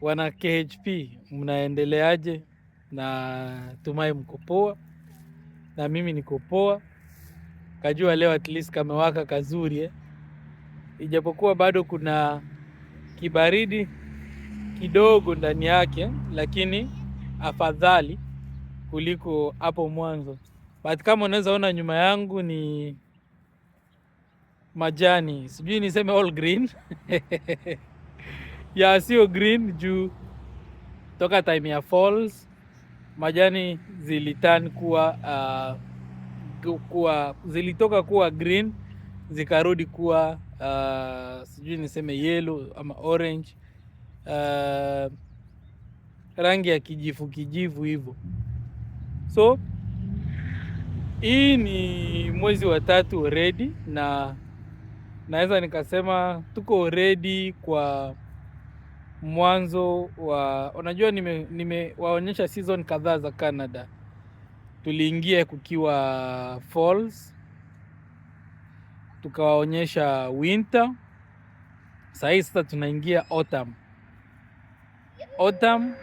Wana KHP mnaendeleaje? Na tumai mko poa, na mimi niko poa. Kajua leo at least kamewaka kazuri eh? Ijapokuwa bado kuna kibaridi kidogo ndani yake, lakini afadhali kuliko hapo mwanzo. But kama unaweza ona nyuma yangu ni majani, sijui niseme all green ya sio green juu toka time ya falls majani zilitan kuwa uh, kuwa zilitoka kuwa green zikarudi kuwa uh, sijui niseme yellow ama orange uh, rangi ya kijivu kijivu hivyo. So hii ni mwezi wa tatu already, na naweza nikasema tuko already kwa mwanzo wa unajua, nimewaonyesha nime season kadhaa za Canada. Tuliingia kukiwa falls, tukawaonyesha winter, sahii sasa tunaingia autumn. Autumn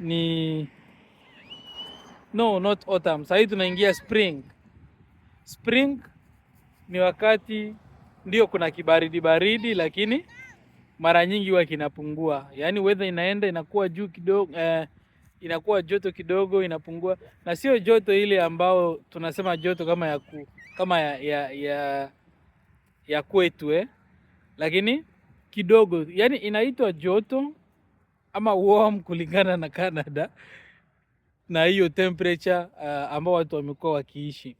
ni no not autumn, sahii tunaingia spring. Spring ni wakati ndio kuna kibaridi baridi, lakini mara nyingi huwa kinapungua, yaani weather inaenda inakuwa juu kidogo eh, inakuwa joto kidogo inapungua, na sio joto ile ambao tunasema joto kama ya ku, kama ya ya, ya, ya kwetu eh, lakini kidogo, yaani inaitwa joto ama warm kulingana na Canada na hiyo temperature uh, ambao watu wamekuwa wakiishi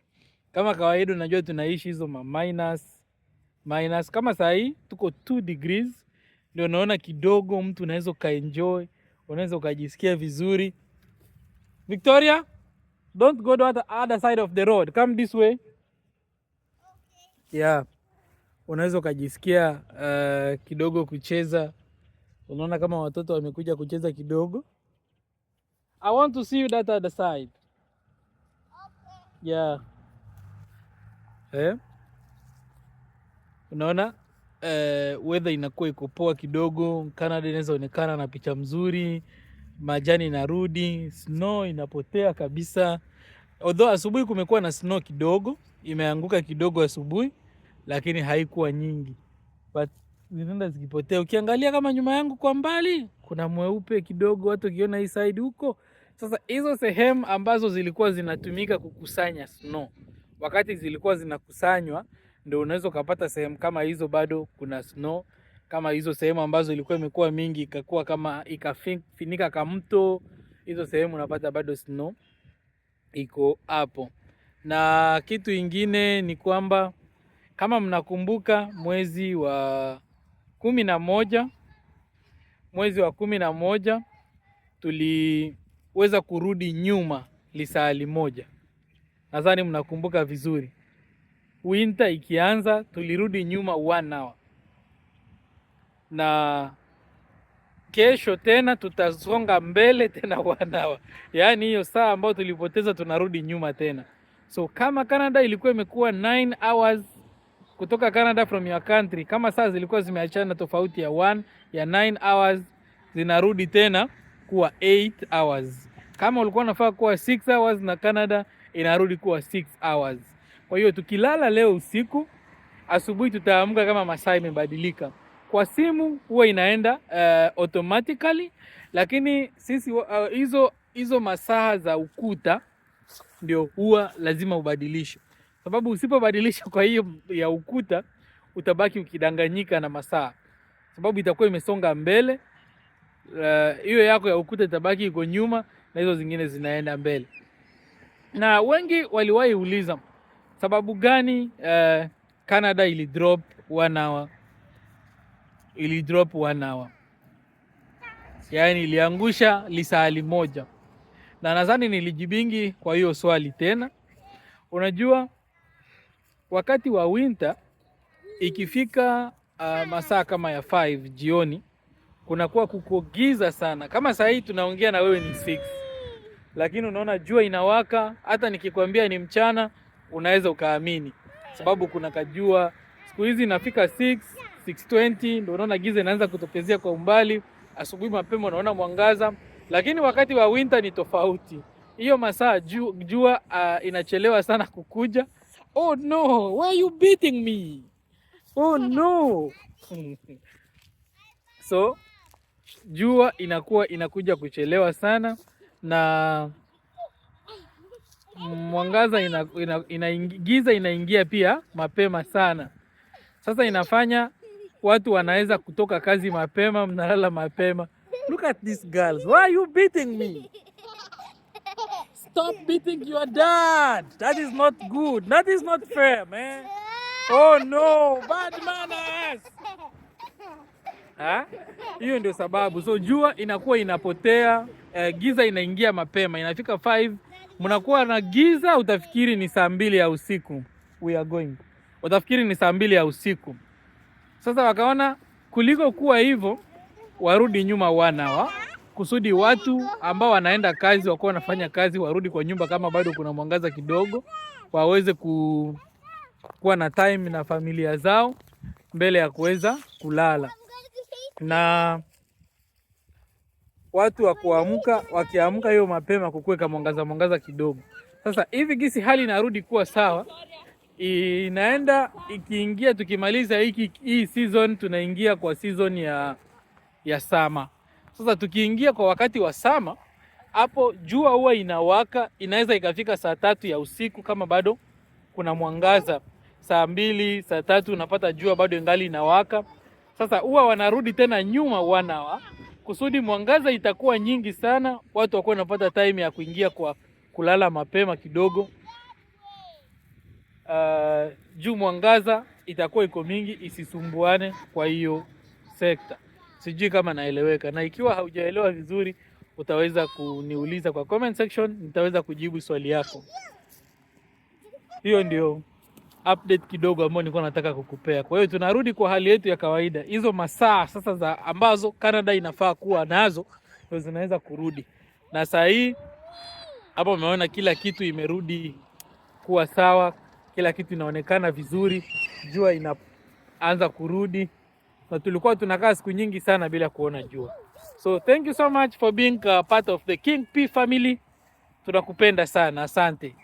kama kawaida. Unajua tunaishi hizo ma minus, minus. Kama saa hii tuko 2 degrees ndio naona kidogo mtu unaweza ukaenjoy, unaweza ukajisikia vizuri. Victoria, don't go to the other side of the road, come this way. Okay. Yeah, unaweza ukajisikia uh, kidogo kucheza. Unaona kama watoto wamekuja kucheza kidogo. I want to see you that other side. Okay. Yeah. Eh? Unaona eh, weather inakuwa iko poa kidogo. Canada inaweza onekana na picha mzuri, majani inarudi, snow inapotea kabisa. Although asubuhi kumekuwa na snow kidogo, imeanguka kidogo asubuhi, lakini haikuwa nyingi. But zinaenda zikipotea. Ukiangalia kama nyuma yangu kwa mbali, kuna mweupe kidogo, watu ukiona hii side huko. Sasa hizo sehemu ambazo zilikuwa zinatumika kukusanya snow, wakati zilikuwa zinakusanywa ndio unaweza ukapata sehemu kama hizo bado kuna snow kama hizo sehemu ambazo ilikuwa imekuwa mingi ikakuwa kama ikafinika kama mto, hizo sehemu unapata bado snow iko hapo. Na kitu ingine ni kwamba kama mnakumbuka, mwezi wa kumi na moja mwezi wa kumi na moja tuliweza kurudi nyuma lisali moja, nadhani mnakumbuka vizuri winter ikianza, tulirudi nyuma one hour na kesho tena tutasonga mbele tena one hour, yaani hiyo saa ambayo tulipoteza tunarudi nyuma tena. So kama Canada ilikuwa imekuwa 9 hours kutoka Canada from your country, kama saa zilikuwa zimeachana tofauti ya 1 ya 9 hours zinarudi tena kuwa 8 hours. Kama ulikuwa unafaa kuwa 6 hours na Canada inarudi kuwa 6 hours. Kwa hiyo tukilala leo usiku, asubuhi tutaamka kama masaa imebadilika. Kwa simu huwa inaenda uh, automatically, lakini sisi uh, hizo masaa za ukuta ndio huwa lazima ubadilishe, sababu usipobadilisha kwa hiyo ya ukuta utabaki ukidanganyika na masaa, sababu itakuwa imesonga mbele eh, hiyo uh, yako ya ukuta itabaki iko nyuma na hizo zingine zinaenda mbele. Na wengi waliwahi uliza Sababu gani uh, Canada ili drop one hour, ili drop one hour, yaani iliangusha lisali moja, na nadhani nilijibingi kwa hiyo swali tena. Unajua, wakati wa winter ikifika uh, masaa kama ya 5 jioni kunakuwa kukogiza sana. Kama saa hii tunaongea na wewe ni 6, lakini unaona jua inawaka. Hata nikikwambia ni mchana unaweza ukaamini, sababu kuna kajua siku hizi inafika 6 620 ndio unaona giza inaanza kutokezea kwa umbali. Asubuhi mapema unaona mwangaza, lakini wakati wa winter ni tofauti. Hiyo masaa jua, jua uh, inachelewa sana kukuja. Oh no, why you beating me? Oh no. So jua inakuwa inakuja kuchelewa sana na mwangaza inaingiza ina, ina inaingia pia mapema sana. Sasa inafanya watu wanaweza kutoka kazi mapema, mnalala mapema. Look at these girls. Why are you beating me? Stop beating your dad. That is not good. That is not fair, man. Oh no, bad manners. Hiyo ndio sababu. So jua inakuwa inapotea, uh, giza inaingia mapema, inafika 5 mnakuwa na giza, utafikiri ni saa mbili ya usiku. We are going, utafikiri ni saa mbili ya usiku. Sasa wakaona kuliko kuwa hivyo, warudi nyuma wanawa kusudi watu ambao wanaenda kazi wakuwa wanafanya kazi, warudi kwa nyumba kama bado kuna mwangaza kidogo, waweze ku, kuwa na time na familia zao mbele ya kuweza kulala na watu wa kuamka, wakiamka hiyo mapema, kukuwe kama mwangaza mwangaza kidogo. Sasa hivi gisi hali inarudi kuwa sawa, inaenda ikiingia, tukimaliza hiki hii season tunaingia kwa season ya ya sama. Sasa tukiingia kwa wakati wa sama, hapo jua huwa inawaka, inaweza ikafika saa tatu ya usiku kama bado kuna mwangaza, saa mbili saa tatu unapata jua bado ingali inawaka. Sasa huwa wanarudi tena nyuma, wanawa kusudi mwangaza itakuwa nyingi sana, watu wakuwa wanapata time ya kuingia kwa kulala mapema kidogo. Uh, juu mwangaza itakuwa iko mingi, isisumbuane kwa hiyo sekta. Sijui kama naeleweka, na ikiwa haujaelewa vizuri utaweza kuniuliza kwa comment section, nitaweza kujibu swali yako. Hiyo ndio update kidogo ambayo nilikuwa nataka kukupea. Kwa hiyo tunarudi kwa hali yetu ya kawaida, hizo masaa sasa za ambazo Canada inafaa kuwa nazo ndio zinaweza kurudi, na saa hii hapa umeona kila kitu imerudi kuwa sawa, kila kitu inaonekana vizuri, jua inaanza kurudi, na tulikuwa tunakaa siku nyingi sana bila kuona jua. So thank you so much for being a uh, part of the King P family, tunakupenda sana, asante.